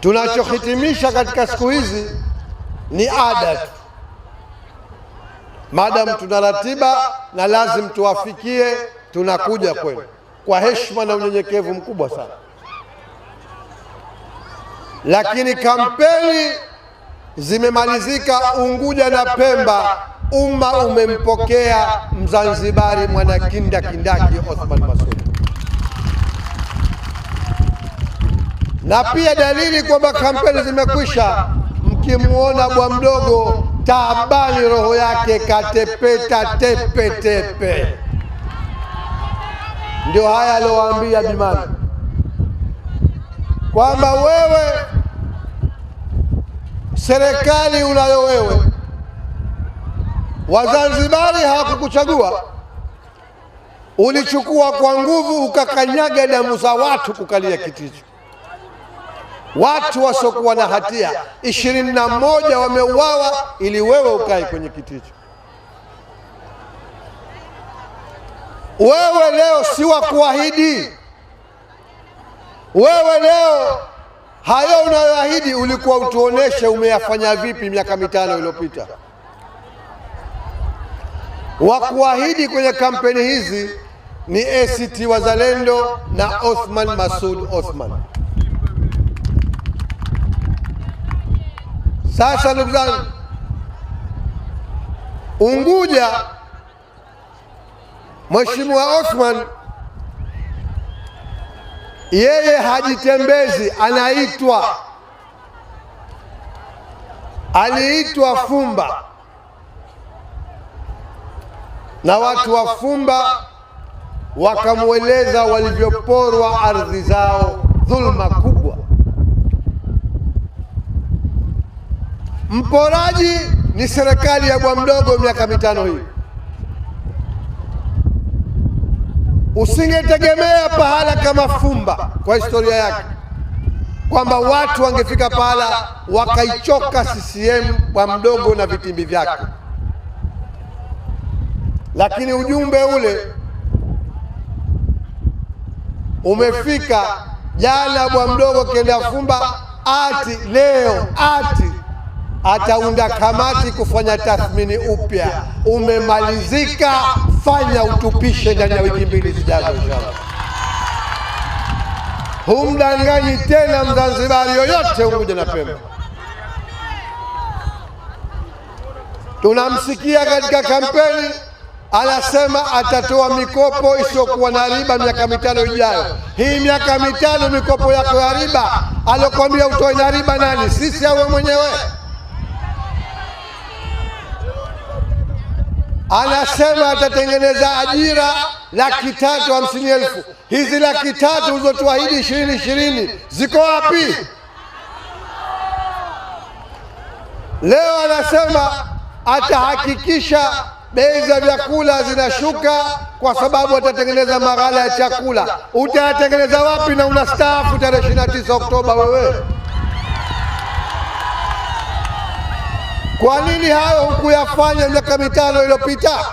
Tunachohitimisha katika siku hizi ni ada tu, tuna ratiba na lazim tuwafikie, tunakuja kwenu kwa heshima na unyenyekevu mkubwa sana. Lakini kampeni zimemalizika Unguja na Pemba, umma umempokea Mzanzibari mwanakinda kindaki Othman Masoud. na pia dalili kwamba kampeni zimekwisha, mkimwona bwa mdogo taabani, roho yake katepeta tepe tepe. Ndio haya aliowaambia Bimani kwamba wewe, serikali unayo wewe, Wazanzibari hawakukuchagua ulichukua kwa nguvu, ukakanyaga damu za watu kukalia kiti hicho watu wasiokuwa na hatia ishirini na moja wameuawa ili wewe ukae kwenye kiti hicho. Wewe leo si wa kuahidi. Wewe leo hayo unayoahidi ulikuwa utuoneshe umeyafanya vipi miaka mitano iliyopita. Wa kuahidi kwenye kampeni hizi ni ACT Wazalendo na Othman Masud Othman. Sasa ndugu zangu, Unguja, Mheshimiwa Othman yeye hajitembezi, anaitwa aliitwa Fumba na watu wa Fumba wakamweleza walivyoporwa ardhi zao, dhulma kubwa. Mporaji ni serikali ya bwa mdogo miaka mitano hii. Usingetegemea pahala kama Fumba kwa historia yake kwamba watu wangefika pahala wakaichoka CCM bwa mdogo na vitimbi vyake, lakini ujumbe ule umefika jana. Bwa mdogo akienda Fumba ati leo ati ataunda kamati kufanya tathmini upya. Umemalizika, fanya utupishe ndani ya wiki mbili zijazo, inshallah. Humdanganyi tena Mzanzibari yoyote Unguja na Pemba. Tunamsikia katika kampeni anasema atatoa mikopo isiyokuwa na riba miaka mitano ijayo. Hii miaka mitano mikopo yako ya riba, aliokwambia utoe na riba nani? Sisi awe mwenyewe? anasema atatengeneza ajira laki tatu hamsini elfu. Hizi laki tatu ulizotuahidi ishirini ishirini ziko wapi? Leo anasema atahakikisha bei za vyakula zinashuka kwa sababu atatengeneza maghala ya chakula. Utayatengeneza wapi na unastaafu tarehe 29 Oktoba wewe? Kwa nini hayo hukuyafanya miaka mitano iliyopita?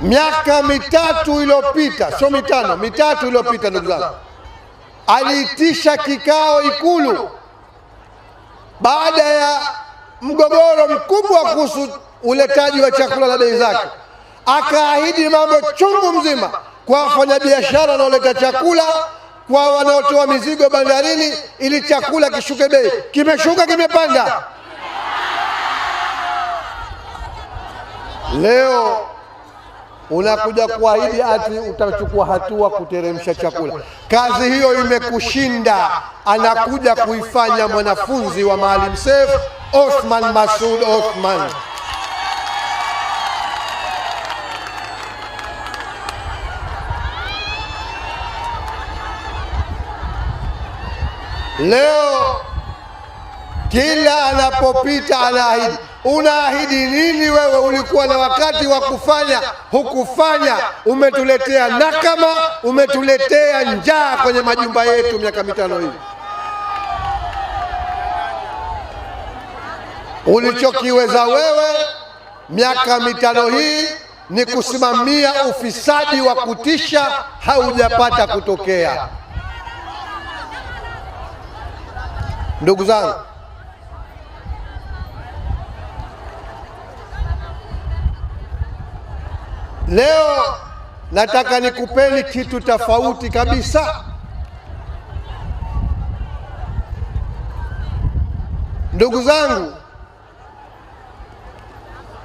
Miaka mitatu iliyopita, sio mitano, mitatu iliyopita, ndugu zangu, aliitisha kikao Ikulu baada ya mgogoro mkubwa kuhusu uletaji wa chakula na bei zake, akaahidi mambo chungu mzima kwa wafanyabiashara wanaoleta chakula kwa wanaotoa mizigo bandarini ili chakula kishuke bei. Kimeshuka, kimepanda. Leo unakuja kuahidi ati utachukua hatua kuteremsha chakula. Kazi hiyo imekushinda, anakuja kuifanya mwanafunzi wa Maalim Seif Othman Masud Othman. Leo kila anapopita anaahidi. Unaahidi nini wewe? Ulikuwa na wakati wa kufanya, hukufanya. Umetuletea nakama, umetuletea njaa kwenye majumba yetu miaka mitano hii. Ulichokiweza wewe miaka mitano hii ni kusimamia ufisadi wa kutisha, haujapata kutokea. Ndugu zangu, leo nataka nikupeni kitu tofauti kabisa. Ndugu zangu,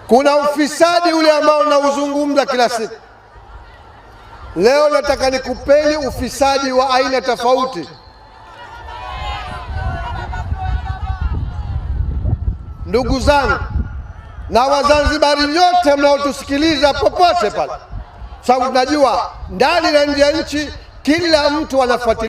kuna ufisadi ule ambao nauzungumza kila siku. Leo nataka nikupeni ufisadi wa aina tofauti. Ndugu zangu na Wazanzibari nyote mnaotusikiliza popote pale, sababu tunajua ndani na nje ya nchi kila mtu anafuatilia.